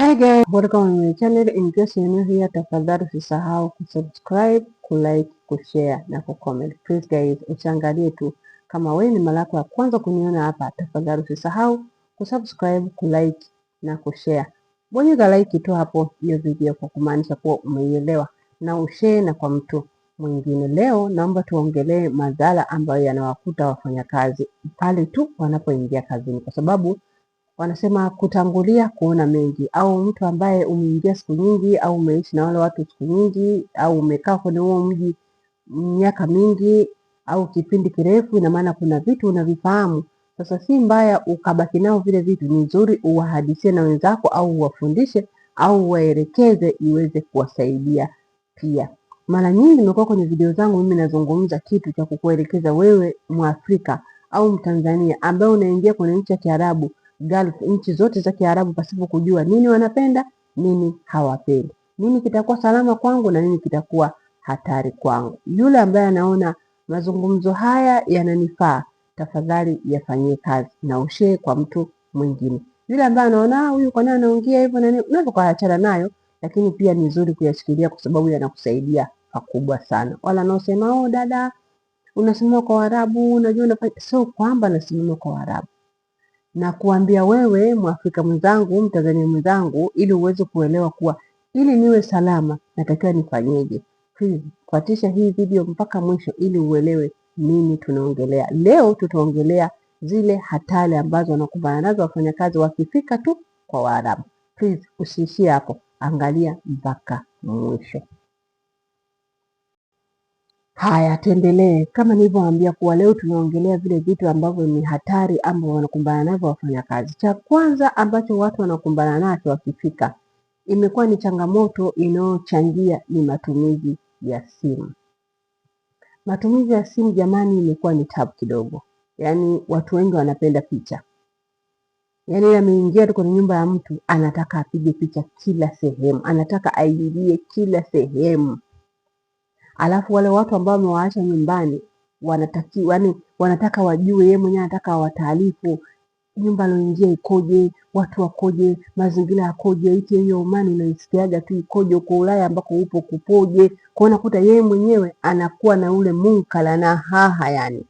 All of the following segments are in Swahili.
Hi guys, welcome to my channel. In case you're new here, tafadhali usisahau kusubscribe, kulike, kushare na kucomment. Please guys, usiangalie tu. Kama wewe ni mara yako ya kwanza kuniona hapa, tafadhali usisahau kusubscribe, kulike na kushare. Bonyeza like tu hapo hiyo video kwa kumaanisha kuwa umeielewa na ushare na kwa mtu mwingine. Leo naomba tuongelee madhara ambayo yanawakuta wafanyakazi pale tu wanapoingia kazini kwa sababu wanasema kutangulia kuona mengi, au mtu ambaye umeingia siku nyingi au umeishi na wale watu siku nyingi au umekaa kwenye huo mji miaka mingi au kipindi kirefu, ina maana kuna vitu unavifahamu. Sasa si mbaya ukabaki nao vile vitu, ni nzuri uwahadisie na wenzako au uwafundishe au uwaelekeze iweze kuwasaidia pia. Mara nyingi nimekuwa kwenye video zangu mimi nazungumza kitu cha kukuelekeza wewe Mwafrika au Mtanzania ambaye unaingia kwenye nchi ya Kiarabu Gulf, nchi zote za Kiarabu pasipo kujua nini wanapenda nini hawapendi, nini kitakuwa salama kwangu na nini kitakuwa hatari kwangu. Yule ambaye anaona mazungumzo haya yananifaa, tafadhali yafanyie kazi na ushee kwa mtu mwingine. Yule ambaye anaona ah, huyu kwa nini anaongea hivyo na nini, unaweza kuachana nayo, lakini pia ni nzuri kuyashikilia kwa sababu yanakusaidia pakubwa sana. Wala anaosema oh, dada unasimama kwa Waarabu, unajua unafanya, sio kwamba nasimama kwa Waarabu na kuambia wewe Mwafrika mwenzangu, Mtanzania mwenzangu, ili uweze kuelewa kuwa ili niwe salama natakiwa nifanyeje. fuatisha hii video mpaka mwisho ili uelewe nini tunaongelea leo. Tutaongelea zile hatari ambazo wanakumbana nazo wafanyakazi wakifika tu kwa Waarabu. usiishie hapo, angalia mpaka mwisho. Haya, tuendelee. Kama nilivyoambia kuwa leo tunaongelea vile vitu ambavyo ni hatari ama wanakumbana navyo wafanyakazi. Cha kwanza ambacho watu wanakumbana nacho wakifika, imekuwa ni changamoto inayochangia ni matumizi ya simu. Matumizi ya simu jamani, imekuwa ni tabu kidogo, yaani watu wengi wanapenda picha, yaani ameingia tu kwenye nyumba ya mtu anataka apige picha kila sehemu, anataka aingie kila sehemu alafu wale watu ambao wamewaacha nyumbani wanataki, yani, wanataka wajue yeye mwenyewe anataka awataarifu nyumba alioingia ikoje, watu wakoje, mazingira yakoje, iti hiyo Omani inaisikiaga tu ikoje, uko Ulaya ambako upo kupoje. kwao. unakuta yeye mwenyewe anakuwa na ule munkala na haha, yani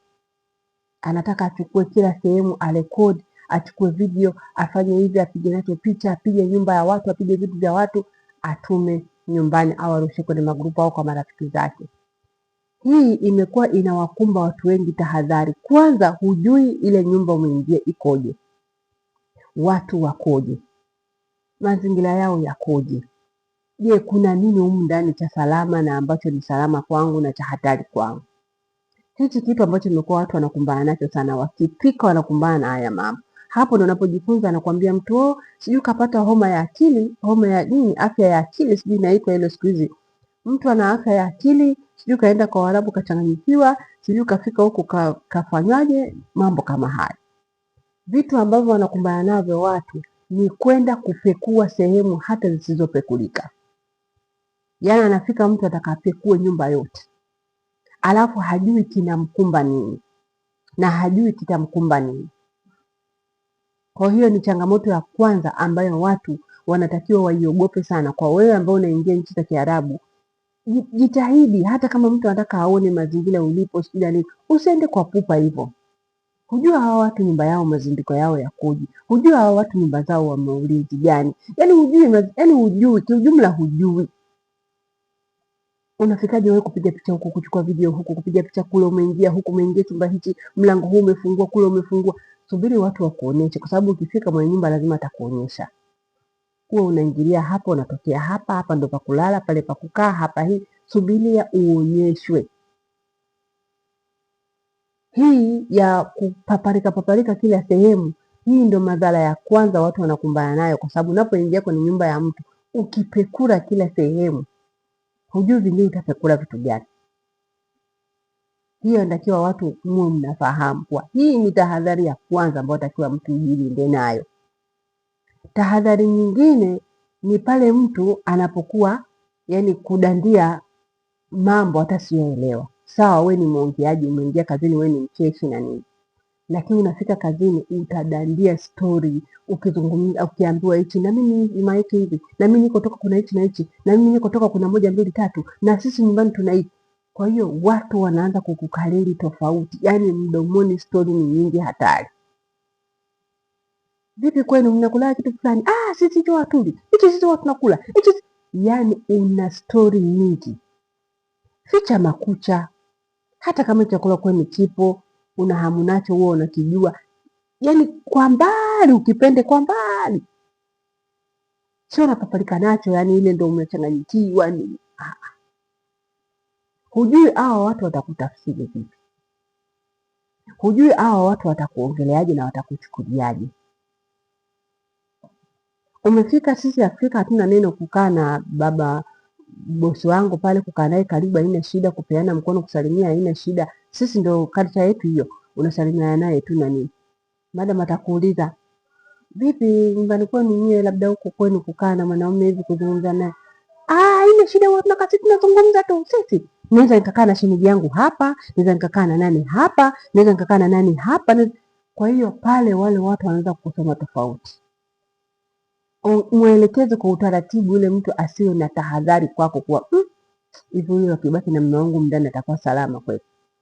anataka achukue kila sehemu, arekodi, achukue video, afanye hivi, apige nacho picha, apige nyumba ya watu, apige vitu vya watu, atume nyumbani au arushe kwenye magrupu au kwa marafiki zake. Hii imekuwa inawakumba watu wengi tahadhari. Kwanza, hujui ile nyumba umeingia ikoje, watu wakoje, mazingira yao yakoje. Je, kuna nini humu ndani cha salama na ambacho ni salama kwangu na cha hatari kwangu? Hichi kitu ambacho imekuwa watu wanakumbana nacho sana, wakipika wanakumbana na haya mambo. Hapo ndo unapojifunza anakuambia mtu oh, sijui kapata homa ya akili, homa ya nini, afya ya akili sijui inaitwa ile siku hizi. Mtu ana afya ya akili, sijui kaenda kwa warabu kachanganyikiwa, sijui kafika huku ka, kafanywaje, mambo kama haya. Vitu ambavyo wanakumbana navyo watu ni kwenda kupekua sehemu hata zisizopekulika. Yaani anafika mtu atakapekue nyumba yote, alafu hajui kinamkumba nini na hajui kitamkumba nini. Kwa hiyo ni changamoto ya kwanza ambayo watu wanatakiwa waiogope sana. Kwa wewe ambao unaingia nchi za Kiarabu, jitahidi hata kama mtu anataka aone mazingira ulipo, sijui usiende kwa pupa hivyo. Hujua hawa watu nyumba yao mazindiko yao yakoje? Hujua hawa watu nyumba zao wana ulinzi gani? yani hujui, yani hujui, kiujumla hujui. Unafikaje wewe kupiga picha huku, kuchukua video huku, kupiga picha kule, umeingia huku, umeingia chumba hichi, mlango huu umefungua, kule umefungua subiri watu wakuonyeshe, kwa sababu ukifika mwenye nyumba lazima atakuonyesha. Huwa unaingilia hapa, unatokea hapa, hapa ndo pakulala, pale pakukaa, hapa hii. Subiria uonyeshwe. Hii ya kupaparika paparika kila sehemu, hii ndo madhara ya kwanza watu wanakumbana nayo, kwa sababu unapoingia kwenye nyumba ya mtu ukipekura kila sehemu, hujui vingine utapekura vitu gani hiyo inatakiwa watu muwe mnafahamu kwa hii ni tahadhari ya kwanza ambayo takiwa mtu jilinde nayo. Tahadhari nyingine ni pale mtu anapokuwa yani kudandia mambo hata sioelewa Sawa, we ni mwongeaji, umeingia kazini, we ni mcheshi na nini, lakini unafika kazini utadandia stori, ukizungumza, ukiambiwa hichi na mimi juma hivi, na mimi niko toka kuna hichi na hichi, na mimi niko toka kuna moja mbili tatu, na sisi nyumbani tuna hii kwa hiyo watu wanaanza kukukariri tofauti, yaani mdomoni stori ni nyingi hatari. Vipi kwenu mnakula kitu fulani? Ah, sisi tu hatuli hichi, sisi tunakula hichi. Yaani una stori nyingi, ficha makucha. Hata kama chakula kwenu kipo, una hamu nacho, huwa unakijua, yaani kwa mbali, ukipende kwa mbali, sio unapapalika nacho, yaani ile ndo umechanganyikiwa nini Hujui hawa watu watakutafsiri vipi, hujui hawa watu watakuongeleaje na watakuchukuliaje. Umefika, sisi Afrika hatuna neno kukaa na baba bosi wangu pale, kukaa naye karibu haina shida, kupeana mkono, kusalimia haina shida. Sisi ndo kalcha yetu hiyo, unasalimiana naye tu na nini. Madam atakuuliza vipi, nyumbani kwenu nyewe, labda huko kwenu kukaa na mwanaume hivi, kuzungumza naye, ah, haina shida, tunakasi tunazungumza tu sisi naweza nikakaa na shemeji yangu hapa, naweza nikakaa na nani hapa, naweza nikakaa na nani hapa. Kwa hiyo pale wale watu wanaweza kusoma tofauti. Mwelekeze kwa utaratibu, yule mtu asiwe na tahadhari kwako kuwa hmm, hivi, huyu akibaki na mume wangu ndani atakuwa salama kweli?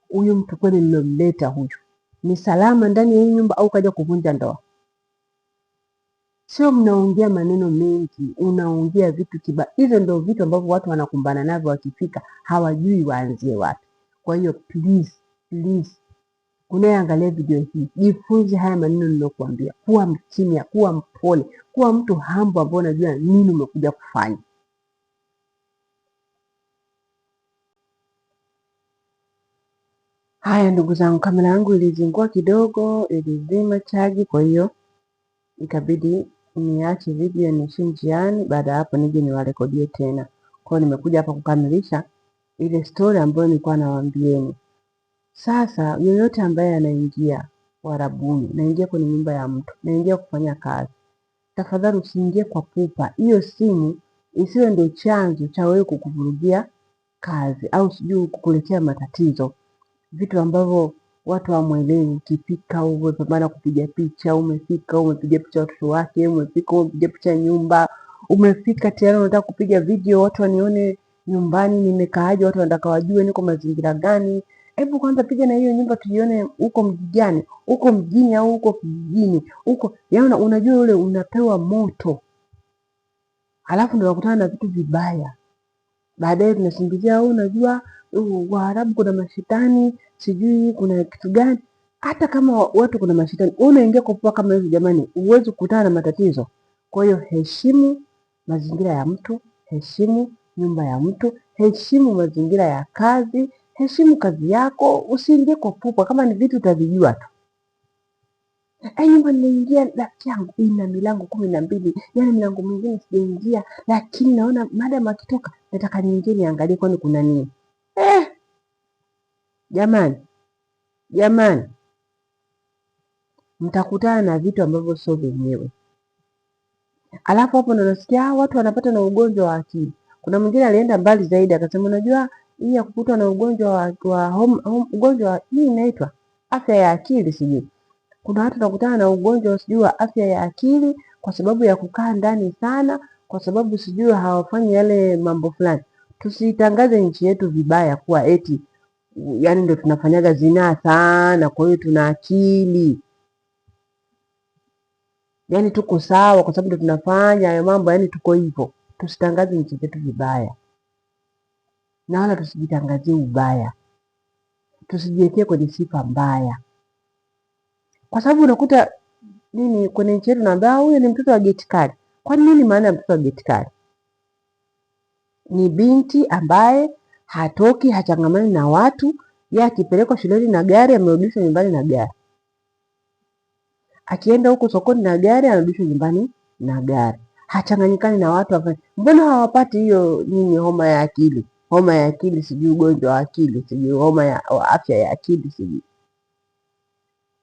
Huyu mtu kweli nilomleta huyu ni salama ndani ya hii nyumba, au kaja kuvunja ndoa? Sio mnaongea maneno mengi, unaongea vitu kiba. Hivyo ndio vitu ambavyo watu wanakumbana navyo wakifika, hawajui waanzie wapi. Kwa hiyo please, please unayeangalia video hii jifunze haya maneno niliyokuambia. Kuwa mkimya, kuwa mpole, kuwa mtu hambo ambao unajua nini umekuja kufanya. Haya ndugu zangu, kamera yangu ilizingua kidogo, ilizima chaji, kwa hiyo ikabidi niache video niishie njiani, baada ya hapo nije niwarekodie tena. Kwa hiyo nimekuja hapa kukamilisha ile story ambayo nilikuwa nawaambieni. Sasa yoyote ambaye anaingia warabuni naingia kwenye nyumba ya mtu, naingia kufanya kazi, tafadhali usiingie kwa pupa. Hiyo simu isiwe ndio chanzo cha wewe kukuvurugia kazi au sijui kukuletea matatizo, vitu ambavyo watu wamwelewi, ukifika uwe kupiga picha, umefika umepiga picha watoto wake, umefika umepiga picha nyumba, umefika tayari unataka kupiga video, watu wanione nyumbani nimekaaje, watu wanataka wajue niko mazingira gani. Hebu kwanza piga na hiyo nyumba tuione, uko mji gani, uko mjini au uko kijijini, uko yaani, unajua ule unapewa moto, halafu ndo unakutana na vitu vibaya baadaye tunakimbilia au unajua Waarabu kuna mashetani, sijui kuna kitu gani. Hata kama watu kuna mashetani, unaingia kwa kama hivi, jamani, huwezi kukutana na matatizo. Kwa hiyo heshimu mazingira ya mtu, heshimu nyumba ya mtu, heshimu mazingira ya kazi, heshimu kazi yako, usiingie kwa pupa kama ni vitu utavijua tu nyumba yaani niliingia rafiki yangu ina milango kumi na mbili yani milango mingine sijaingia, lakini naona madam akitoka nataka niingie niangalie kwani kuna nini eh. Jamani, jamani, mtakutana na vitu ambavyo sio vyenyewe. Alafu hapo ndo nasikia ah, watu wanapata na ugonjwa wa akili. Kuna mwingine alienda mbali zaidi akasema, unajua hii ya kukutwa na ugonjwa wa, wa home, home, ugonjwa hii inaitwa afya ya akili sijui kuna watu nakutana na ugonjwa sijui wa afya ya akili kwa sababu ya kukaa ndani sana, kwa sababu sijui hawafanyi yale mambo fulani. Tusitangaze nchi yetu vibaya kuwa eti yani ndo tunafanyaga zinaa sana, kwa hiyo tuna akili yani tuko sawa kwa sababu ndo tunafanya hayo mambo, yani tuko hivyo. Tusitangaze nchi zetu vibaya na wala tusijitangazie ubaya, tusijiwekee kwenye sifa mbaya kwa sababu unakuta nini kwenye nchi yetu naambia ah, huyu ni mtoto wa geti kali. Kwa nini? Maana ya mtoto wa geti kali ni binti ambaye hatoki, hachangamani na watu, yeye akipelekwa shuleni na gari, amerudishwa nyumbani na gari, akienda huko sokoni na gari, anarudishwa nyumbani na gari, hachanganyikani na watu. Mbona hawapati hiyo nini, homa ya akili, homa ya akili sijui, ugonjwa wa akili sijui, homa ya afya ya akili sijui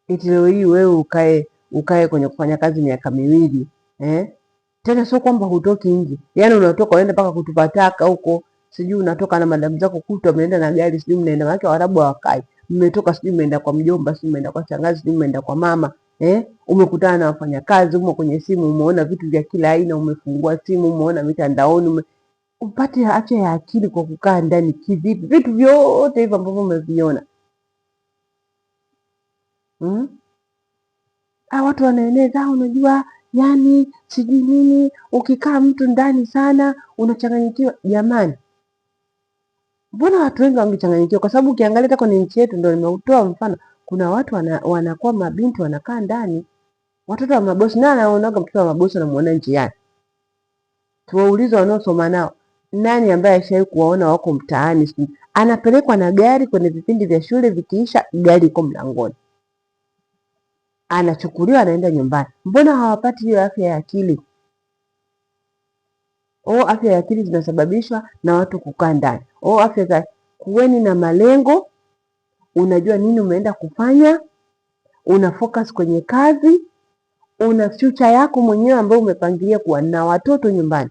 eti leo hii wewe ukae ukae kwenye kufanya kazi miaka miwili eh? Tena sio kwamba hutoki nje, yani unatoka unaenda mpaka kutupa taka huko, sijui unatoka na madamu zako kutwa, mnaenda na gari, sijui mnaenda wake Waarabu wakae, mmetoka sijui mmeenda kwa mjomba, sijui mmeenda kwa shangazi, sijui mmeenda kwa mama eh? Umekutana na wafanyakazi, umo kwenye simu, umeona vitu vya kila aina, umefungua simu, umeona mitandaoni ume... upate afya ya akili kwa kukaa ndani kivipi? Vitu vyote hivyo ambavyo umeviona mm? Ah, watu wanaeneza unajua, yani sijui nini, ukikaa mtu ndani sana unachanganyikiwa. Jamani, mbona watu wengi wangechanganyikiwa? Kwa sababu ukiangalia kwenye nchi yetu, ndio nimeutoa mfano, kuna watu wana, wanakuwa mabinti wanakaa ndani, watoto wa mabosi. Na anaonaga mtoto wa mabosi anamuona njiani. Tuwaulize wanaosoma nao, nani ambaye ashawahi kuwaona wako mtaani? Anapelekwa na gari kwenye vipindi vya shule, vikiisha gari iko mlangoni anachukuliwa anaenda nyumbani. Mbona hawapati hiyo afya ya akili? O, oh, afya ya akili zinasababishwa na watu kukaa ndani. O, oh, afya za kuweni na malengo, unajua nini umeenda kufanya, una focus kwenye kazi, una future yako mwenyewe ambayo umepangilia kuwa na watoto nyumbani,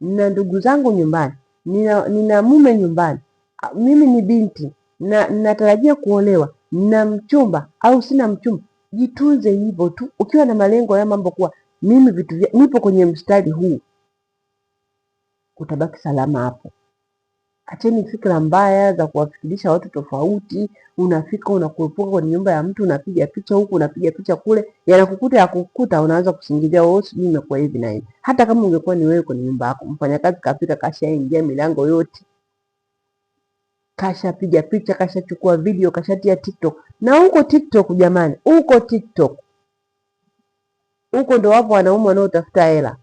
na ndugu zangu nyumbani, nina, nina mume nyumbani, mimi ni binti na natarajia kuolewa, na mchumba au sina mchumba jitunze hivyo tu, ukiwa na malengo ya mambo kuwa mimi vitu vya nipo kwenye mstari huu, utabaki salama hapo. Acheni fikra mbaya za kuwafikirisha watu tofauti. Unafika unakuepuka kwenye nyumba ya mtu, unapiga picha huku, unapiga picha kule, yanakukuta yakukuta, unaanza kusingizia wewe, oh, sijui imekuwa hivi na hivi. Hata kama ungekuwa ni wewe kwenye nyumba yako, mfanyakazi kafika, kashaingia milango yote, kashapiga picha, kashachukua video, kashatia TikTok, na huko TikTok jamani, huko TikTok huko ndo wapo wanaume wanaotafuta hela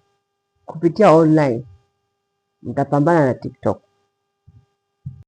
kupitia online. Mtapambana na TikTok.